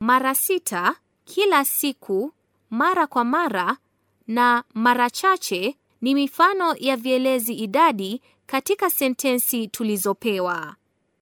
mara sita kila siku, mara kwa mara na mara chache ni mifano ya vielezi idadi katika sentensi tulizopewa.